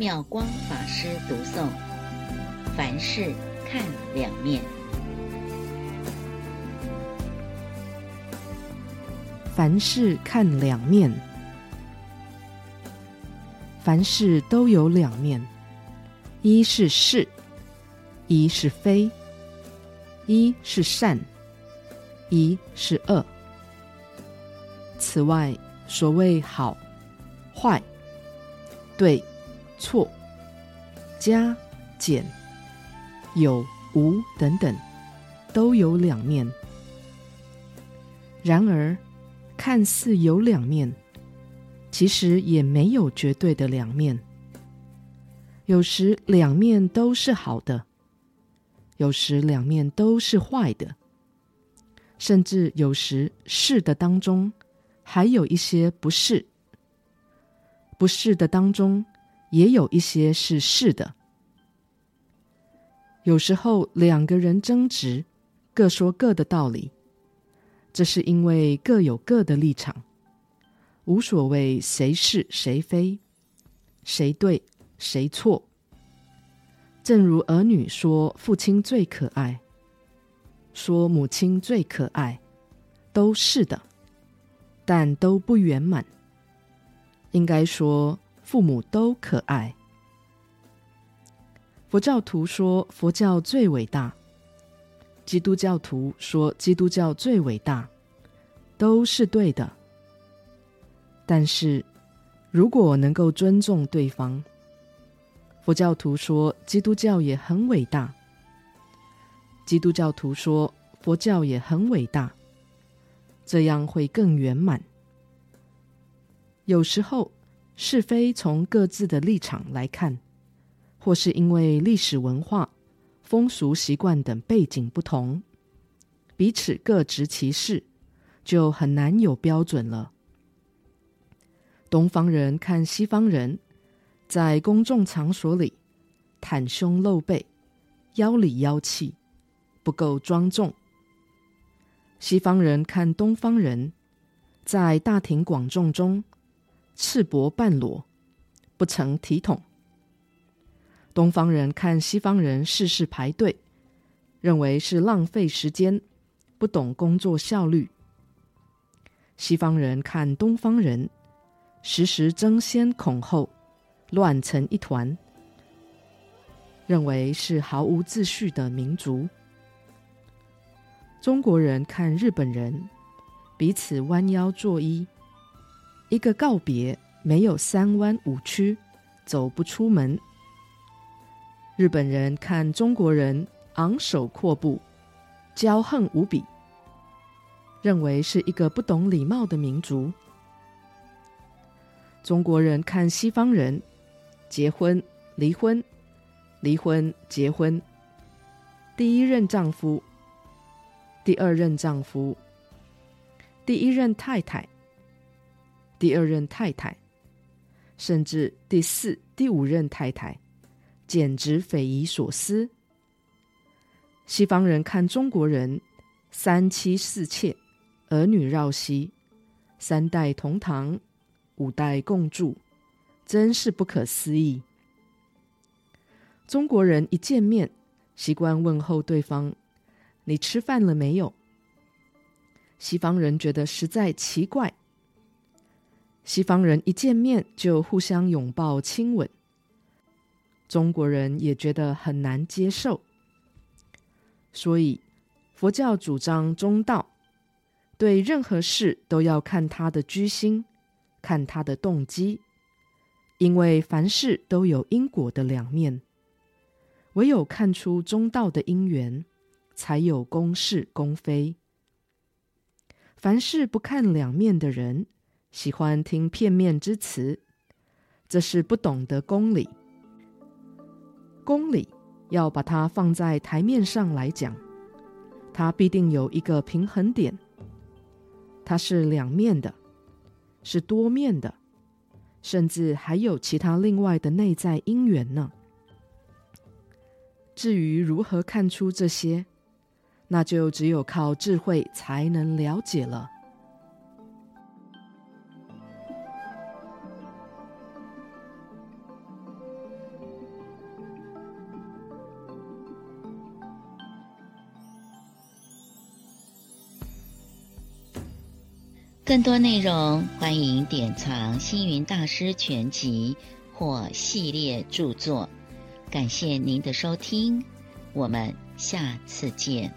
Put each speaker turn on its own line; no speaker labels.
妙光法師讀誦：凡事看兩面，
凡事看兩面，凡事都有兩面，一是是，一是非，一是善，一是惡。此外，所謂好壞，對。錯、加、減、有、無等等，都有兩面。然而，看似有兩面，其實也沒有絕對的兩面。有時兩面都是好的，有時兩面都是壞的，甚至有時是的當中還有一些不是，不是的當中。也有一些是是的。有時候兩個人爭執，各說各的道理，這是因為各有各的立場，無所謂誰是誰非，誰對誰錯。正如兒女說父親最可愛，說母親最可愛，都是的，但都不圓滿。應該說。父母都可愛。佛教徒說佛教最偉大，基督教徒說基督教最偉大，都是對的。但是如果能夠尊重對方，佛教徒說基督教也很偉大，基督教徒說佛教也很偉大，這樣會更圓滿。有時候。是非從各自的立場來看，或是因為歷史文化、風俗習慣等背景不同，彼此各執其是，就很難有標準了。東方人看西方人，在公眾場所裡袒胸露背、妖裡妖氣，不夠莊重；西方人看東方人，在大庭廣眾中。赤膊半裸，不成體統。東方人看西方人事事排隊，認為是浪費時間，不懂工作效率。西方人看東方人時時爭先恐後，亂成一團，認為是毫無秩序的民族。中國人看日本人，彼此彎腰作揖，一個告別沒有三彎五曲，走不出門。日本人看中國人昂首闊步，驕橫無比，認為是一個不懂禮貌的民族。中國人看西方人，結婚、離婚、離婚、結婚，第一任丈夫、第二任丈夫、第一任太太。第二任太太，甚至第四、第五任太太，簡直匪夷所思。西方人看中國人三妻四妾、兒女繞膝、三代同堂、五代共住，真是不可思議。中國人一見面，習慣問候對方：“你吃飯了沒有？”西方人覺得實在奇怪。西方人一見面就互相擁抱親吻，中國人也覺得很難接受。所以佛教主張中道，對任何事都要看他的居心，看他的動機，因為凡事都有因果的兩面，唯有看出中道的因緣，才有公是公非。凡事不看兩面的人，喜歡聽片面之詞，這是不懂得公理。公理要把它放在台面上來講，它必定有一個平衡點。它是兩面的，是多面的，甚至還有其他另外的內在因緣呢。至於如何看出這些，那就只有靠智慧才能了解了。
更多內容，歡迎典藏星雲大師全集或系列著作。感謝您的收聽，我們下次見。